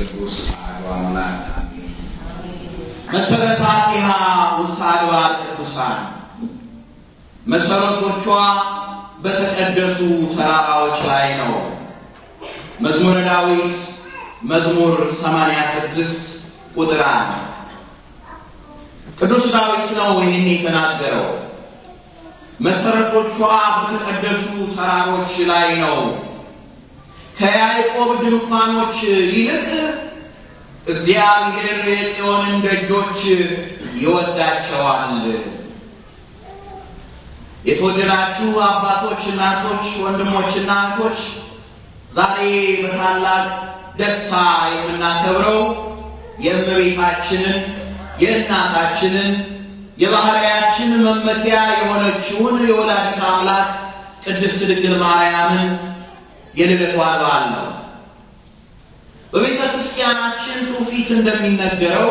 ቅዱስ አሐዱ አምላክ አሜን። መሰረታቲሃ ውስተ አድባር ቅዱሳን መሰረቶቿ በተቀደሱ ተራራዎች ላይ ነው። መዝሙረ ዳዊት መዝሙር 86 ቁጥር አንድ ቅዱስ ዳዊት ነው ይህን የተናገረው። መሰረቶቿ በተቀደሱ ተራሮች ላይ ነው ከያዕቆብ ድንኳኖች ይልቅ እግዚአብሔር የጽዮንን ደጆች ይወዳቸዋል። የተወደዳችሁ አባቶች፣ እናቶች፣ ወንድሞችና እህቶች ዛሬ በታላቅ ደስታ የምናከብረው የእመቤታችንን የእናታችንን የባህሪያችን መመኪያ የሆነችውን የወላዲተ አምላክ ቅድስት ድንግል ማርያምን የልደት በዓል ነው። በቤተ ክርስቲያናችን ትውፊት እንደሚነገረው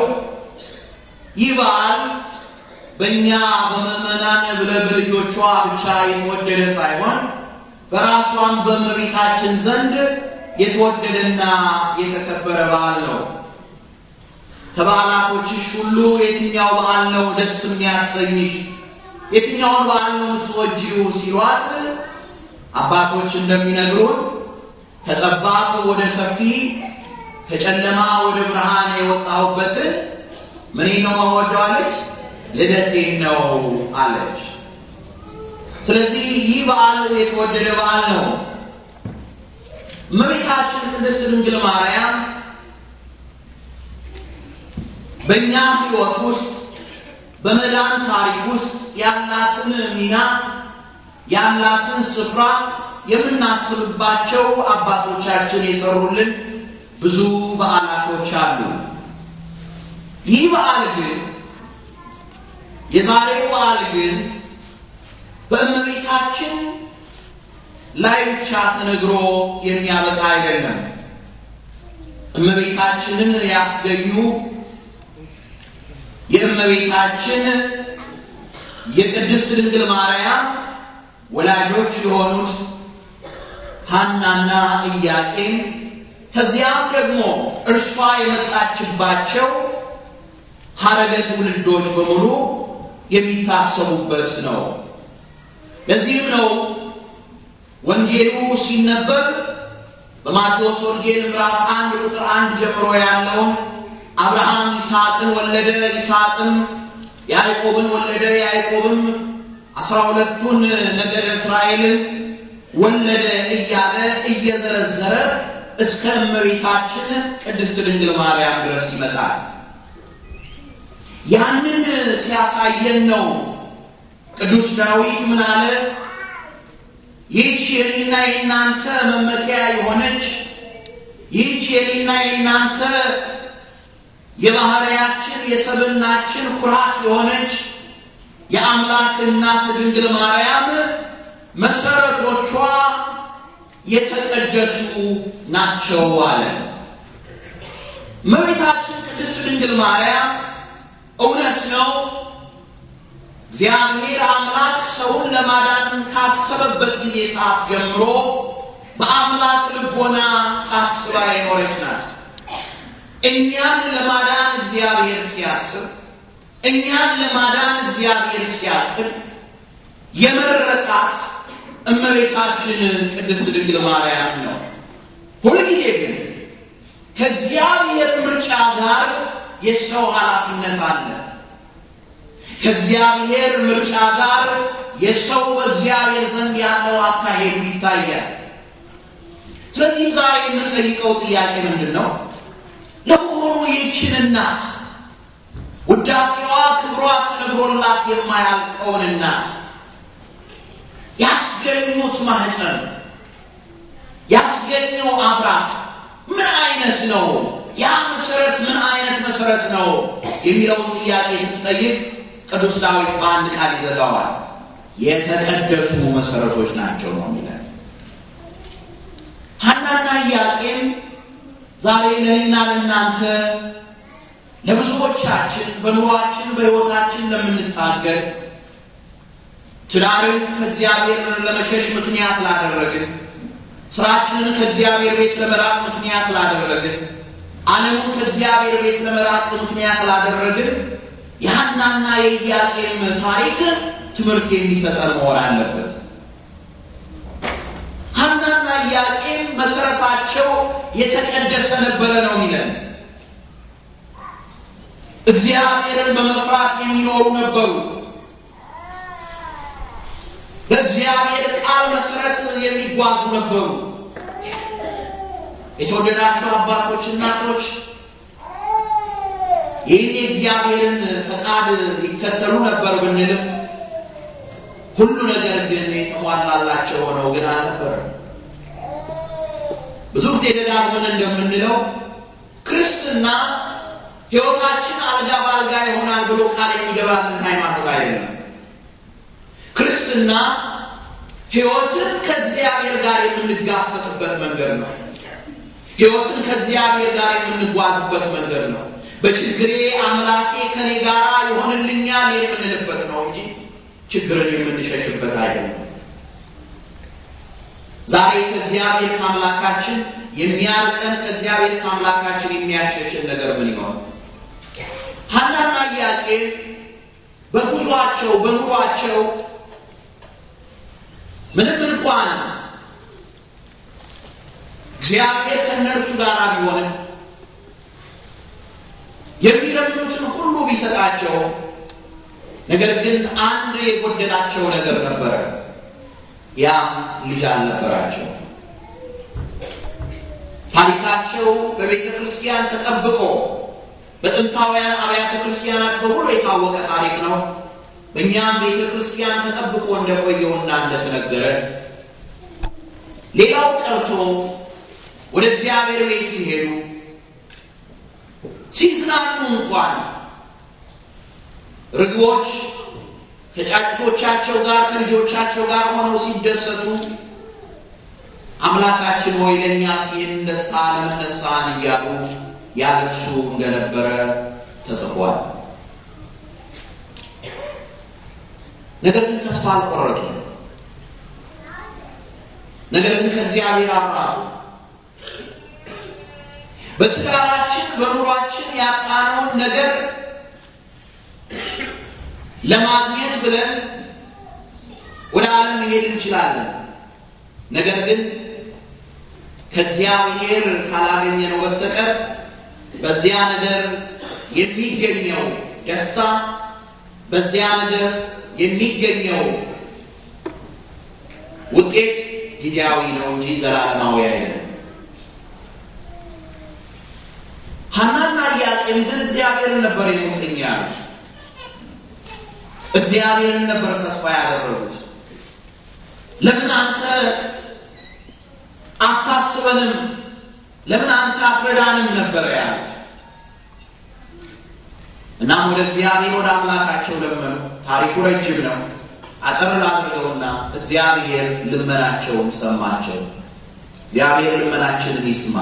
ይህ በዓል በእኛ በምዕመናን በልጆቿ ብቻ የተወደደ ሳይሆን በራሷም በእመቤታችን ዘንድ የተወደደና የተከበረ በዓል ነው። ከበዓላቶችሽ ሁሉ የትኛው በዓል ነው ደስ የሚያሰኝሽ? የትኛውን በዓል ነው የምትወጂው? ሲሏት አባቶች እንደሚነግሩን ከጠባብ ወደ ሰፊ ከጨለማ ወደ ብርሃን የወጣሁበትን ምን ነው ማወደው ልደቴ ነው አለች። ስለዚህ ይህ በዓል የተወደደ በዓል ነው። መቤታችን ቅድስት ድንግል ማርያም በእኛ ህይወት ውስጥ በመዳን ታሪክ ውስጥ ያላትን ሚና ያላትን ስፍራ የምናስብባቸው አባቶቻችን የሰሩልን ብዙ በዓላቶች አሉ። ይህ በዓል ግን የዛሬው በዓል ግን በእመቤታችን ላይ ብቻ ተነግሮ የሚያበቃ አይደለም። እመቤታችንን ሊያስገኙ የእመቤታችን የቅድስት ድንግል ማርያም ወላጆች የሆኑት ሐናና እያቄን ከዚያም ደግሞ እርሷ የመጣችባቸው ሀረገ ትውልዶች በሙሉ የሚታሰቡበት ነው። ለዚህም ነው ወንጌሉ ሲነበብ በማቴዎስ ወንጌል ምዕራፍ አንድ ቁጥር አንድ ጀምሮ ያለውን አብርሃም ይስሐቅን ወለደ፣ ይስሐቅም ያዕቆብን ወለደ፣ ያዕቆብም አስራ ሁለቱን ነገደ እስራኤልን ወለደ እያለ እየዘረዘረ እስከ እመቤታችን ቅድስት ድንግል ማርያም ድረስ ይመጣል። ያንን ሲያሳየን ነው ቅዱስ ዳዊት ምን አለ? ይህች የኔና የእናንተ መመኪያ የሆነች ይህች የኔና የእናንተ የባህሪያችን የሰብናችን ኩራት የሆነች የአምላክ እናት ድንግል ማርያም መሰረቶቿ የተቀደሱ ናቸው አለ። መቤታችን ቅድስት ድንግል ማርያም እውነት ነው እግዚአብሔር አምላክ ሰውን ለማዳን ካሰበበት ጊዜ ሰዓት ጀምሮ በአምላክ ልቦና ታስባ የኖረች ናት። እኛን ለማዳን እግዚአብሔር ሲያስብ እኛን ለማዳን እግዚአብሔር ሲያቅል የመረጣት እመቤታችን ቅድስት ድንግል ማርያም ነው። ሁልጊዜ ግን ከእግዚአብሔር ምርጫ ጋር የሰው ኃላፊነት አለ። ከእግዚአብሔር ምርጫ ጋር የሰው በእግዚአብሔር ዘንድ ያለው አካሄዱ ይታያል። ስለዚህ ዛሬ የምንጠይቀው ጥያቄ ምንድን ነው? ለመሆኑ ይህችን እናት ውዳሴዋ ክብሯ ተነግሮላት የማያልቀውን እናት ያስገኙት ማህፀን ያስገኘው አብራክ ምን አይነት ነው? ያ መሰረት ምን አይነት መሰረት ነው የሚለውን ጥያቄ ስትጠይቅ ቅዱስ ዳዊት በአንድ ቃል ይዘጋዋል። የተቀደሱ መሰረቶች ናቸው ነው የሚለን። ሐናና ኢያቄም ዛሬ ለእኔና ለእናንተ ለብዙዎቻችን በኑሯችን በሕይወታችን ለምንታገል ትዳርን ከእግዚአብሔር ለመሸሽ ምክንያት ላደረግን፣ ስራችንን ከእግዚአብሔር ቤት ለመራቅ ምክንያት ላደረግን፣ ዓለሙን ከእግዚአብሔር ቤት ለመራቅ ምክንያት ላደረግን የሐናና የኢያቄም ታሪክ ትምህርት የሚሰጠን መሆን አለበት። ሐናና ኢያቄም መሰረታቸው የተቀደሰ ነበረ ነው ይለን እግዚአብሔርን በመፍራት የሚኖሩ ነበሩ። በእግዚአብሔር ቃል መሰረት የሚጓዙ ነበሩ። የተወደዳቸው አባቶች፣ እናቶች ይህን የእግዚአብሔርን ፈቃድ ይከተሉ ነበር ብንልም ሁሉ ነገር ግን የተሟላላቸው ሆነው ግን አልነበር ብዙ ጊዜ ደጋግመን እንደምንለው ክርስትና ሕይወታችን አልጋ በአልጋ ይሆናል ብሎ ቃል የሚገባልን ሃይማኖት አይደለም። ክርስትና ሕይወትን ከእግዚአብሔር ጋር የምንጋፈጥበት መንገድ ነው። ሕይወትን ከእግዚአብሔር ጋር የምንጓዝበት መንገድ ነው። በችግሬ አምላኬ ከኔ ጋር ይሆንልኛል የምንልበት ነው እንጂ ችግርን የምንሸሽበት አይደለም። ዛሬ ከእግዚአብሔር ከአምላካችን የሚያርቀን ከእግዚአብሔር ከአምላካችን የሚያሸሽን ነገር ምን ይሆናል? ሐናና ኢያቄም በጉዟቸው በኑሯቸው ምንም እንኳን እግዚአብሔር ከእነርሱ ጋር ቢሆንም የሚለምኑትን ሁሉ ቢሰጣቸው ነገር ግን አንድ የጎደላቸው ነገር ነበረ። ያም ልጅ አልነበራቸው። ታሪካቸው በቤተ ክርስቲያን ተጠብቆ በጥንታውያን አብያተ ክርስቲያናት በሙሉ የታወቀ ታሪክ ነው። በእኛም ቤተ ክርስቲያን ተጠብቆ እንደቆየውና እንደተነገረ ሌላው ቀርቶ ወደ እግዚአብሔር ቤት ሲሄዱ ሲዝናኑ እንኳን ርግቦች ከጫጭቶቻቸው ጋር ከልጆቻቸው ጋር ሆነው ሲደሰቱ አምላካችን ሆይ ለእኛ ይህን ደስታ ለምን እያሉ ያለቅሱ እንደነበረ ተጽፏል። ነገር ግን ተስፋ አልቆረጡ። ነገር ግን ከእግዚአብሔር አራቱ በትዳራችን በኑሯችን ያጣነውን ነገር ለማግኘት ብለን ወደ አለም መሄድ እንችላለን። ነገር ግን ከእግዚአብሔር ካላገኘነው በስተቀር በዚያ ነገር የሚገኘው ደስታ፣ በዚያ ነገር የሚገኘው ውጤት ጊዜያዊ ነው እንጂ ዘላለማዊ አይደለም። ሐናና ኢያቄም ግን እግዚአብሔር ነበር የሙጥኝ ያሉት። እግዚአብሔርን ነበር ተስፋ ያደረጉት። ለምን አንተ አታስበንም ለምን አንተ አትረዳንም ነበር ያሉት። እናም ወደ እግዚአብሔር ወደ አምላካቸው ለመኑ። ታሪኩ ረጅም ነው። አጠር ላድርገውና እግዚአብሔር ልመናቸውን ሰማቸው። እግዚአብሔር ልመናችንን ይስማ።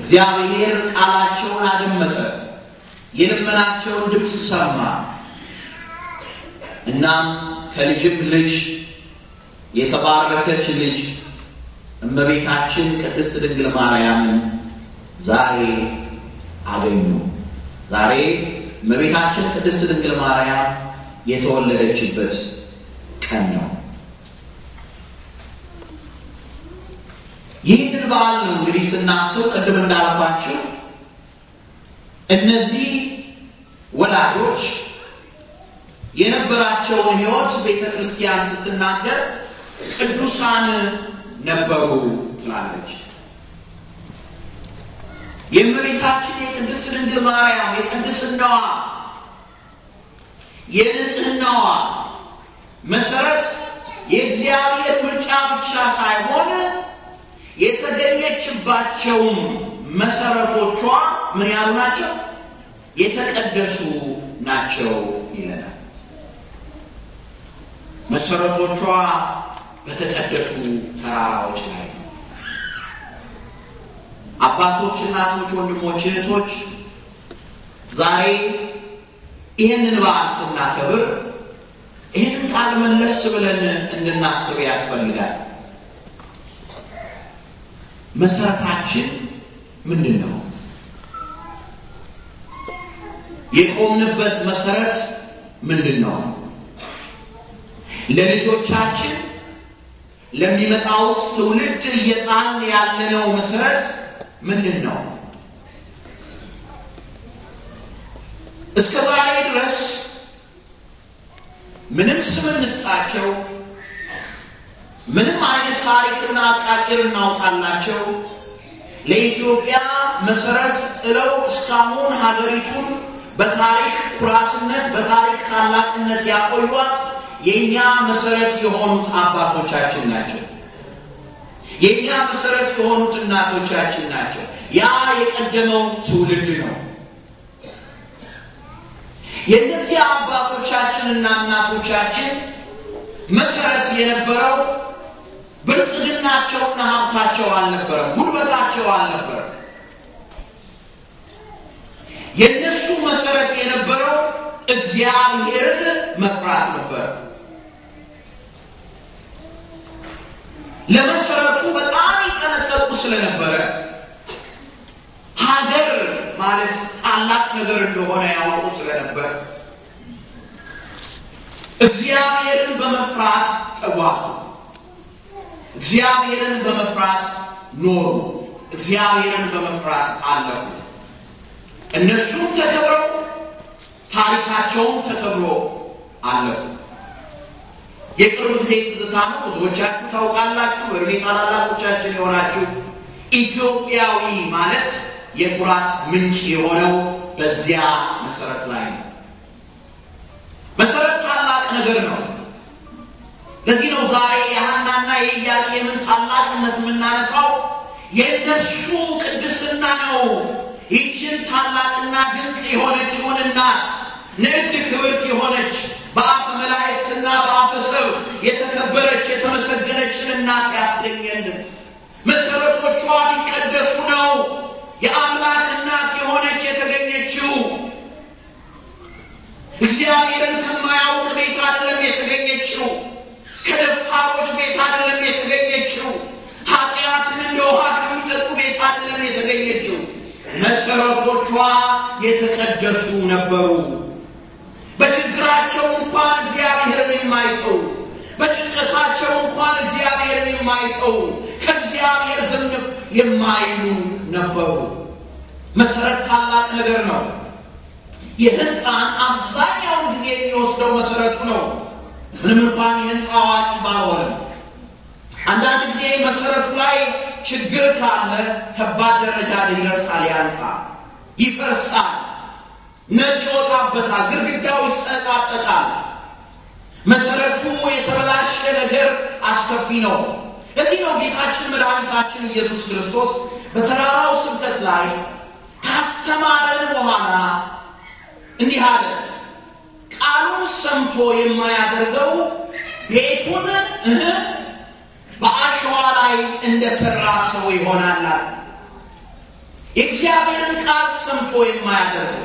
እግዚአብሔር ቃላቸውን አደመጠ፣ የልመናቸውን ድምፅ ሰማ። እናም ከልጅም ልጅ የተባረከች ልጅ እመቤታችን ቅድስት ድንግል ማርያምን ዛሬ አገኙ። ዛሬ እመቤታችን ቅድስት ድንግል ማርያም የተወለደችበት ቀን ነው። ይህንን በዓል ነው እንግዲህ ስናስብ ቅድም እንዳልኳቸው እነዚህ ወላጆች የነበራቸውን ሕይወት ቤተ ክርስቲያን ስትናገር ቅዱሳን ነበሩ ትላለች። የእመቤታችን የቅድስት ድንግል ማርያም የቅድስናዋ የንጽህናዋ መሰረት የእግዚአብሔር ምርጫ ብቻ ሳይሆን የተገኘችባቸውም መሰረቶቿ ምን ያሉ ናቸው? የተቀደሱ ናቸው ይለናል። መሰረቶቿ በተጠደፉ ተራራዎች ላይ ነው። አባቶች፣ እናቶች፣ ወንድሞች፣ እህቶች ዛሬ ይህንን በዓል ስናከብር ይህንን ቃል መለስ ብለን እንድናስብ ያስፈልጋል። መሰረታችን ምንድን ነው? የቆምንበት መሰረት ምንድን ነው? ለልጆቻችን ለሚመጣው ትውልድ እየጣን ያለነው መሰረት ምንድን ነው? እስከ ዛሬ ድረስ ምንም ስም እንስጣቸው፣ ምንም አይነት ታሪክና አቃጭር እናውጣላቸው ለኢትዮጵያ መሰረት ጥለው እስካሁን ሀገሪቱን በታሪክ ኩራትነት በታሪክ ታላቅነት ያቆዩት የእኛ መሰረት የሆኑት አባቶቻችን ናቸው። የእኛ መሰረት የሆኑት እናቶቻችን ናቸው። ያ የቀደመው ትውልድ ነው። የእነዚህ አባቶቻችንና እናቶቻችን መሰረት የነበረው ብልጽግናቸውና ሀብታቸው አልነበረም፣ ጉልበታቸው አልነበረም። የእነሱ መሰረት የነበረው እግዚአብሔርን መፍራት ነበር። ለመሰረቱ በጣም ይጠነቀቁ ስለነበረ ሀገር ማለት ታላቅ ነገር እንደሆነ ያውቁ ስለነበር እግዚአብሔርን በመፍራት ተጓዙ። እግዚአብሔርን በመፍራት ኖሩ። እግዚአብሔርን በመፍራት አለፉ። እነሱም ተከብረው ታሪካቸውም ተከብሮ አለፉ። የቅርብ ጊዜ ትዝታ ነው። ብዙዎቻችሁ ታውቃላችሁ። በእድሜ ታላላቆቻችን የሆናችሁ ኢትዮጵያዊ ማለት የኩራት ምንጭ የሆነው በዚያ መሰረት ላይ ነው። መሰረት ታላቅ ነገር ነው። ለዚህ ነው ዛሬ የሀናና የኢያቄምን ታላቅነት የምናነሳው የእነሱ ቅድስና ነው። ይችን ታላቅና ድንቅ የሆነችውን እናት ንዕድ ክብርት የሆነች እግዚአብሔርን ከማያውቅ ቤት አይደለም የተገኘችው። ከደፋሮች ቤት አይደለም የተገኘችው። ኃጢአትን እንደ ውሃ ከሚጠጡ ቤት አይደለም የተገኘችው። መሰረቶቿ የተቀደሱ ነበሩ። በችግራቸው እንኳን እግዚአብሔርን የማይጠው በጭንቀታቸው እንኳን እግዚአብሔርን የማይጠው ከእግዚአብሔር ዝንፍ የማይሉ ነበሩ። መሰረት ታላቅ ነገር ነው። የህንፃን አብዛኛውን ጊዜ የሚወስደው መሰረቱ ነው። ምንም እንኳን የህንፃ አዋቂ ባልሆንም አንዳንድ ጊዜ መሰረቱ ላይ ችግር ካለ ከባድ ደረጃ ሊደርሳል። ያንፃ ይፈርሳል፣ ነጭ ይወጣበታል፣ ግድግዳው ይሰጣጠቃል። መሰረቱ የተበላሸ ነገር አስከፊ ነው። ለዚህ ነው ጌታችን መድኃኒታችን ኢየሱስ ክርስቶስ በተራራው ስብከት ላይ ካስተማረን በኋላ እንዲህ አለ፣ ቃሉን ሰምቶ የማያደርገው ቤቱን በአሸዋ ላይ እንደሰራ ሰው ይሆናል። የእግዚአብሔርን ቃል ሰምቶ የማያደርገው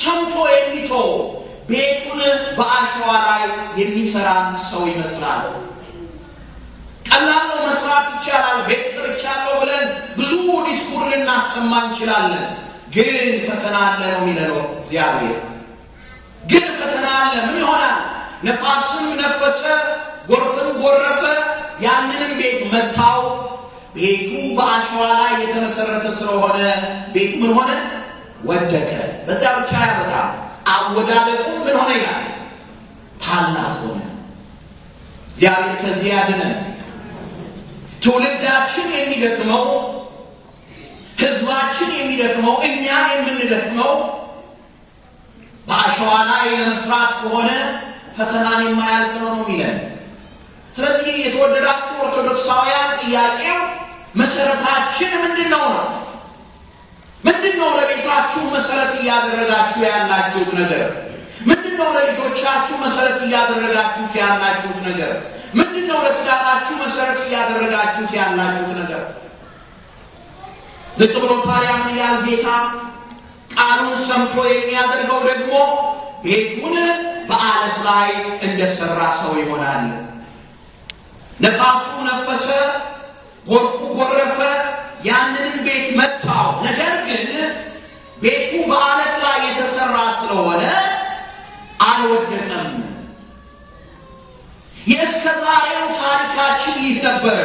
ሰምቶ የሚቶ ቤቱን በአሸዋ ላይ የሚሰራን ሰው ይመስላል። ቀላል መስራት ይቻላል፣ ቤት ሰርቻለሁ ብለን ብዙ ዲስኩር ልናሰማ እንችላለን። ግን ፈተና አለ ነው የሚለው እግዚአብሔር። ግን ፈተና አለ። ምን ይሆናል? ነፋስም ነፈሰ፣ ጎርፍም ጎረፈ፣ ያንንም ቤት መታው። ቤቱ በአሸዋ ላይ የተመሰረተ ስለሆነ ቤቱ ምን ሆነ? ወደቀ። በዚያ ብቻ ያበታ አወዳደቁ ምን ሆነ? ያ ታላቅ ሆነ። እግዚአብሔር ከዚህ ያድነ። ትውልዳችን የሚገጥመው? ህዝባችን የሚደክመው እኛ የምንደክመው በአሸዋ ላይ ለመስራት ከሆነ ፈተናን የማያልፍ ነው ነው የሚለን። ስለዚህ የተወደዳችሁ ኦርቶዶክሳውያን ጥያቄው መሰረታችን ምንድን ነው ነው? ምንድን ነው ለቤታችሁ መሰረት እያደረጋችሁ ያላችሁት ነገር? ምንድን ነው ለልጆቻችሁ መሰረት እያደረጋችሁት ያላችሁት ነገር? ምንድን ነው ለትዳራችሁ መሰረት እያደረጋችሁት ያላችሁት ነገር? ዝቅ ብሎ ታዲያ ምን ይላል ጌታ? ቃሉን ሰምቶ የሚያደርገው ደግሞ ቤቱን በአለት ላይ እንደሰራ ሰው ይሆናል። ነፋሱ ነፈሰ፣ ጎርፉ ጎረፈ፣ ያንንም ቤት መታው። ነገር ግን ቤቱ በአለት ላይ የተሰራ ስለሆነ አልወደቀም። የእስከ ዛሬው ታሪካችን ይህ ነበረ።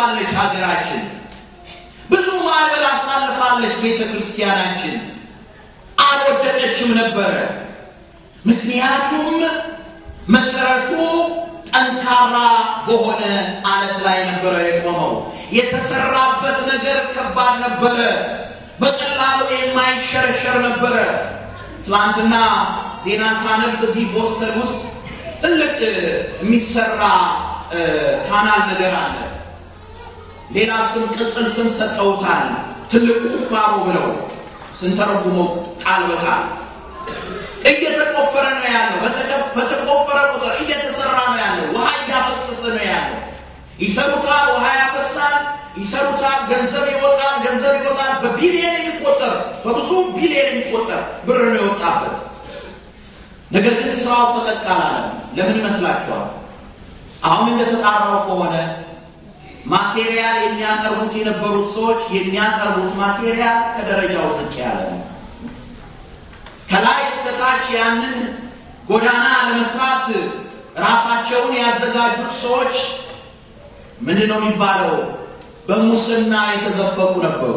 አልፋለች ሀገራችን። ብዙ ማዕበል አሳልፋለች ቤተ ክርስቲያናችን። አልወደቀችም ነበረ። ምክንያቱም መሰረቱ ጠንካራ በሆነ አለት ላይ ነበረ የቆመው። የተሰራበት ነገር ከባድ ነበረ። በቀላሉ የማይሸረሸር ነበረ። ትላንትና ዜና ሳነብ እዚህ ቦስተን ውስጥ ትልቅ የሚሰራ ካናል ነገር አለ። ሌላ ስም ቅጽል ስም ሰጠውታል፣ ትልቅ ፋሮ ብለው ስንተረጉመው ቃል በቃል እየተቆፈረ ነው ያለው። በተቆፈረ ቁጥር እየተሰራ ነው ያለው። ውሃ እያፈሰሰ ነው ያለው። ይሰሩታል፣ ውሃ ያፈሳል፣ ይሰሩታል፣ ገንዘብ ይወጣል፣ ገንዘብ ይወጣል። በቢሊየን የሚቆጠር በብዙ ቢሊየን የሚቆጠር ብር ነው የወጣበት። ነገር ግን ስራው ፈቀቅ አላለም። ለምን ይመስላችኋል? አሁን እንደተጣራው ከሆነ ማቴሪያል የሚያቀርቡት የነበሩት ሰዎች የሚያቀርቡት ማቴሪያል ከደረጃው ዝቅ ያለ ነው። ከላይ እስከታች ያንን ጎዳና ለመስራት ራሳቸውን ያዘጋጁት ሰዎች ምንድን ነው የሚባለው? በሙስና የተዘፈቁ ነበሩ።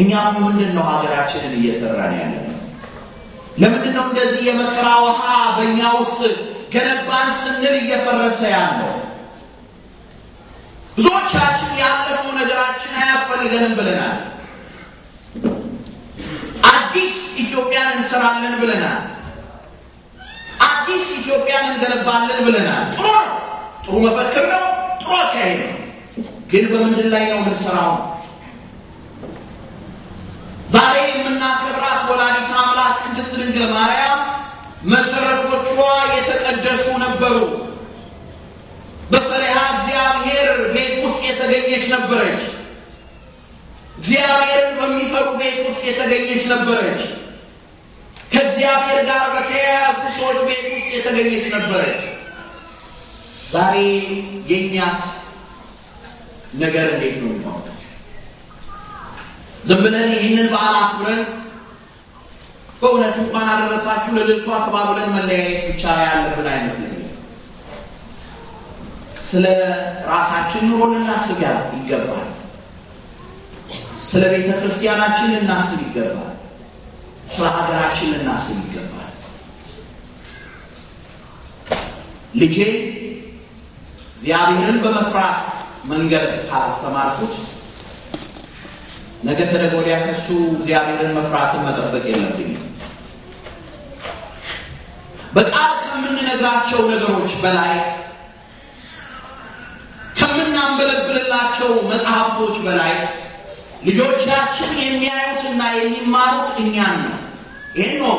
እኛም ምንድን ነው ሀገራችንን እየሰራን ያለ ነው? ለምንድን ነው እንደዚህ የመከራ ውሃ በእኛ ውስጥ ገነባን ስንል እየፈረሰ ያለው ብዙዎቻችን ያለፈው ነገራችን አያስፈልገንም ብለናል። አዲስ ኢትዮጵያን እንሰራለን ብለናል። አዲስ ኢትዮጵያን እንገነባለን ብለናል። ጥሩ ነው። ጥሩ መፈክር ነው። ጥሩ አካሄድ ነው። ግን በምንድን ላይ ነው ምንሰራው ዛሬ የምናከብራት ወላዲት አምላክ ቅድስት ድንግል ማርያም መሠረቶቿ የተቀደሱ ነበሩ። በፈሪሃ እግዚአብሔር ቤት ውስጥ የተገኘች ነበረች። እግዚአብሔርን በሚፈሩ ቤት ውስጥ የተገኘች ነበረች። ከእግዚአብሔር ጋር በተያያዙ ሰዎች ቤት ውስጥ የተገኘች ነበረች። ዛሬ የእኛስ ነገር እንዴት ነው የሚሆነው? ዝም ብለን ይህንን በዓል አክብረን በእውነት እንኳን አደረሳችሁ ለልልቷ ተባብለን መለያየት ብቻ ያለብን አይመስለኝም። ስለ ራሳችን ኑሮ ልናስብ ይገባል። ስለ ቤተ ክርስቲያናችን ልናስብ ይገባል። ስለ ሀገራችን ልናስብ ይገባል። ልጄ እግዚአብሔርን በመፍራት መንገድ ካላሰማርኩት ነገ ተነገ ከሱ እግዚአብሔርን መፍራትን መጠበቅ የለብኝ። በቃል ከምንነግራቸው ነገሮች በላይ ከምናንበለብልላቸው መጽሐፍቶች በላይ ልጆቻችን የሚያዩትና የሚማሩት እኛን ነው። ይህን ነው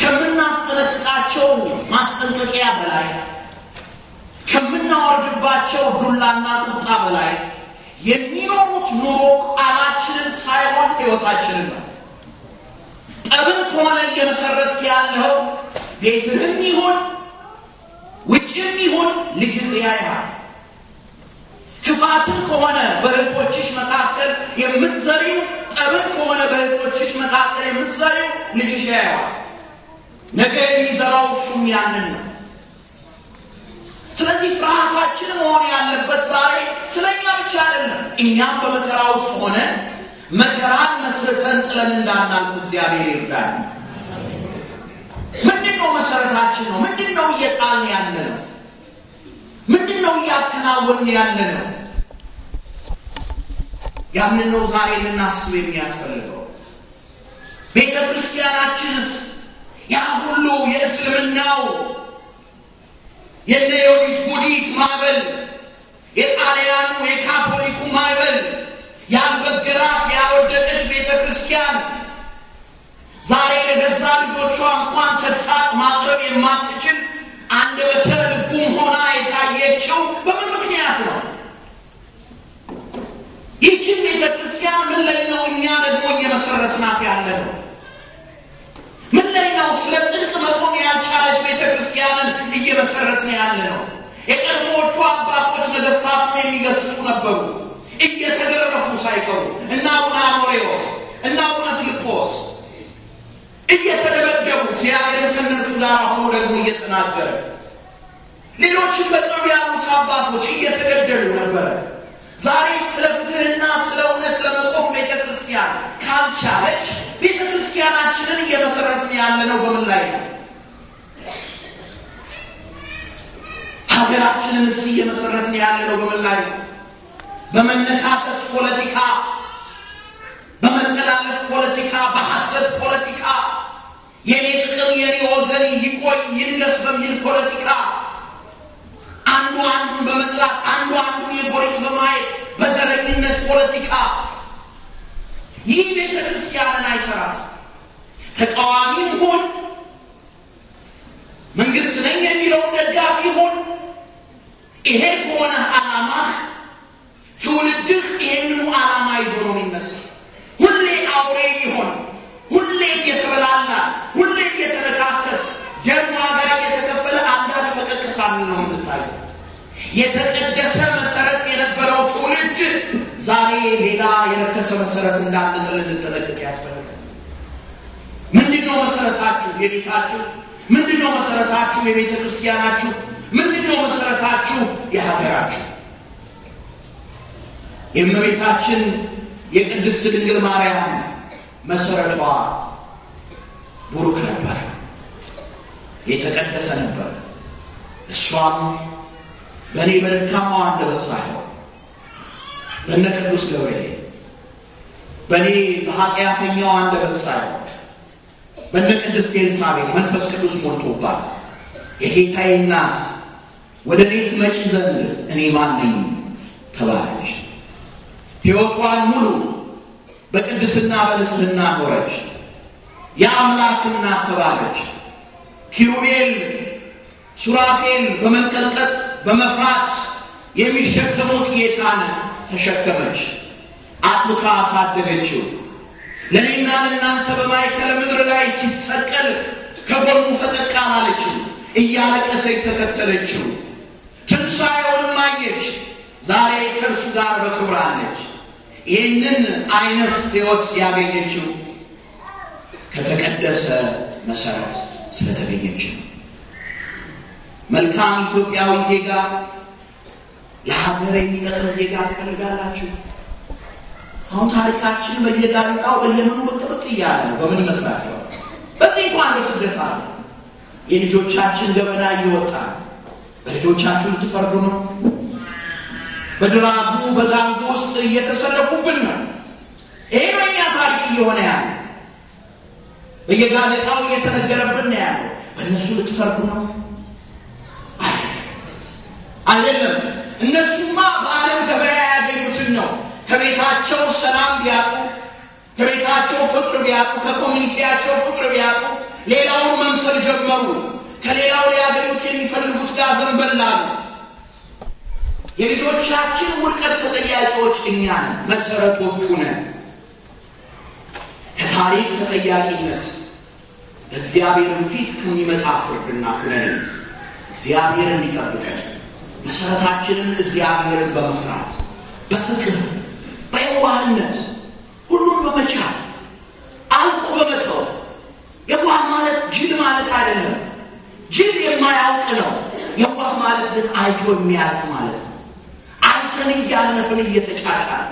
ከምናስጠነቅቃቸው ማስጠንቀቂያ በላይ ከምናወርድባቸው ዱላና ቁጣ በላይ የሚኖሩት ኑሮ ቃላችንን ሳይሆን ሕይወታችንን ነው። ጠብን ከሆነ እየመሰረትክ ያለው ቤትህም ይሁን ውጭም ይሁን ልጅህ ያይሃል። ክፋትን ከሆነ በእህቶችሽ መካከል የምትዘሪው ጠብን ከሆነ በእህቶችሽ መካከል የምትዘሪው ልጅሽ ያይሃል። ነገ የሚዘራው እሱም ያንን ነው። ስለዚህ ፍርሃታችን መሆን ያለበት ዛሬ ስለኛ ብቻ አይደለም፣ እኛም በመከራ ውስጥ ሆነ መከራን መስርተን ጥለን እንዳናልፍ እግዚአብሔር ይርዳል። ምንድን ነው መሰረታችን ነው? ምንድን ነው እየጣልን ያለ ነው? ምንድን ነው እያከናወን ያለ ነው? ያንን ነው ዛሬ ልናስብ የሚያስፈልገው። ቤተ ክርስቲያናችንስ ያ ሁሉ የእስልምናው የነ ዮዲት ማበል? ማዕበል፣ የጣሊያኑ የካቶሊኩ ማዕበል ያበገራት ያወደቀች ቤተ ክርስቲያን ዛሬ ለገዛ ልጆቿ እንኳን ተግሳጽ ማቅረብ የማትችል አንደበተ ርጉም ሆና የታየችው በምን ምክንያት ነው? ይህችን ቤተ ክርስቲያን ምን ላይ ነው እኛ ደግሞ እየመሰረትናት ያለ ነው? ምን ላይ ነው ስለ ጽድቅ መቆም ያልቻለች ቤተ ክርስቲያንን እየመሰረትን ያለ ነው? የቀድሞዎቹ አባቶች ነገስታትን የሚገስጹ ነበሩ። እየተገረፉ ሳይቀሩ እና አቡነ አሞሬዎስ እና አቡነ ፊልጶስ እየተደበደቡ እግዚአብሔር ከእነርሱ ጋር ሆኖ ደግሞ እየተናገረ ሌሎችም በቅርብ ያሉት አባቶች እየተገደሉ ነበረ። ዛሬ ስለ ፍትህና ስለ እውነት ለመቆም ቤተ ክርስቲያን ካልቻለች ቤተ ክርስቲያናችንን እየመሰረትን ያለነው በምን ላይ ነው? ሀገራችንን እስ እየመሰረትን ያለነው በምን ላይ ነው? በመነካከስ ፖለቲካ፣ በመተላለፍ ፖለቲካ፣ በሐሰት ፖለቲካ፣ የኔ ጥቅም የኔ ወገን ይቆይ ይንገስ በሚል ፖለቲካ አንዱ አንዱን በመጥላት አንዱ አንዱን የጎሪጥ በማየት በዘረኝነት ፖለቲካ ይህ ቤተ ክርስቲያንን አይሰራም። ተቃዋሚ ሁን፣ መንግስት ነኝ የሚለውን ደጋፊ ሁን። ይሄ ከሆነ ዓላማ ትውልድህ ይህንኑ ዓላማ ይዞ ነው የሚነሳው። ሁሌ አውሬ ይሆን፣ ሁሌ እየተበላላ፣ ሁሌ እየተነካከስ፣ ደም ዋጋ እየተከፈለ አንዳንድ ፈቀቅ ነው የምንታየው። የተቀደሰ መሰረት የነበረው ትውልድ ዛሬ ሌላ የረከሰ መሰረት እንዳንጥል ልንጠነቀቅ ያስፈልጋል። ምንድነው መሰረታችሁ? የቤታችሁ ምንድነው መሰረታችሁ? የቤተ ክርስቲያናችሁ ምንድነው መሰረታችሁ? የሀገራችሁ የእመቤታችን የቅድስት ድንግል ማርያም መሰረቷ ቡሩክ ነበር፣ የተቀደሰ ነበር። እሷም በእኔ በደካማዋ አንደበት በነ ቅዱስ ገብርኤል በእኔ በኃጢአተኛዋ አንደበት በነ ቅድስት ኤልሳቤጥ መንፈስ ቅዱስ ሞልቶባት የጌታዬ እናት ወደ ቤት መጪ ዘንድ እኔ ማን ነኝ ተባለች። ሕይወቷን ሙሉ በቅድስና በንጽህና ኖረች። የአምላክ እናት ተባለች። ኪሩቤል ሱራፌል በመንቀጥቀጥ በመፍራት የሚሸከሙት ጌታን ተሸከመች፣ አጥብቃ አሳደገችው። ለእኔና ለእናንተ በማይከለ ምድር ላይ ሲሰቀል ከጎኑ ፈቀቅ አላለችው፣ እያለቀሰች ተከተለችው። ትንሣኤውንም አየች። ዛሬ ከእርሱ ጋር በክብር አለች። ይህንን አይነት ህይወት ያገኘችው ከተቀደሰ መሰረት ስለተገኘች ነው። መልካም ኢትዮጵያዊ ዜጋ፣ ለሀገር የሚጠቅም ዜጋ ትፈልጋላችሁ? አሁን ታሪካችን በየጋዜጣው በየመኑ ብቅብቅ እያለ ነው። በምን መስራቸው በዚህ እንኳን ለስደት አለ። የልጆቻችን ገበና እየወጣ በልጆቻችሁ ልትፈርዱ ነው በድራጉ በዛንጉ ውስጥ እየተሰለፉብን ነው። ይሄ ነው እኛ ታሪክ እየሆነ ያለ በየጋዜጣው እየተነገረብን ነው ያለ። በእነሱ ልትፈርዱ ነው አይደለም። እነሱማ በዓለም ገበያ ያገኙትን ነው። ከቤታቸው ሰላም ቢያጡ፣ ከቤታቸው ፍቅር ቢያጡ፣ ከኮሚኒቲያቸው ፍቅር ቢያጡ ሌላውን መምሰል ጀመሩ። ከሌላው ሊያገኙት የሚፈልጉት ጋር ዘንበላሉ። የልጆቻችን ውድቀት ተጠያቂዎች እኛ ነን፣ መሰረቶቹ ነን። ከታሪክ ተጠያቂነት በእግዚአብሔር ፊት ከሚመጣ ፍርድና ኩነን እግዚአብሔር እንዲጠብቀን መሰረታችንን እግዚአብሔርን በመፍራት በፍቅር በየዋህነት ሁሉን በመቻል አልቆ በመተው የዋህ ማለት ጅል ማለት አይደለም። ጅል የማያውቅ ነው። የዋህ ማለት ግን አይቶ የሚያልፍ ማለት ነው። ተጋፍተን እያነፍን እየተጫጫን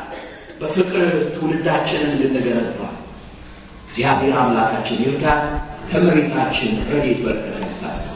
በፍቅር ትውልዳችንን እንድንገነባ እግዚአብሔር አምላካችን ይርዳን። ከመሬታችን ረዴት በረከት ያሳትፈን።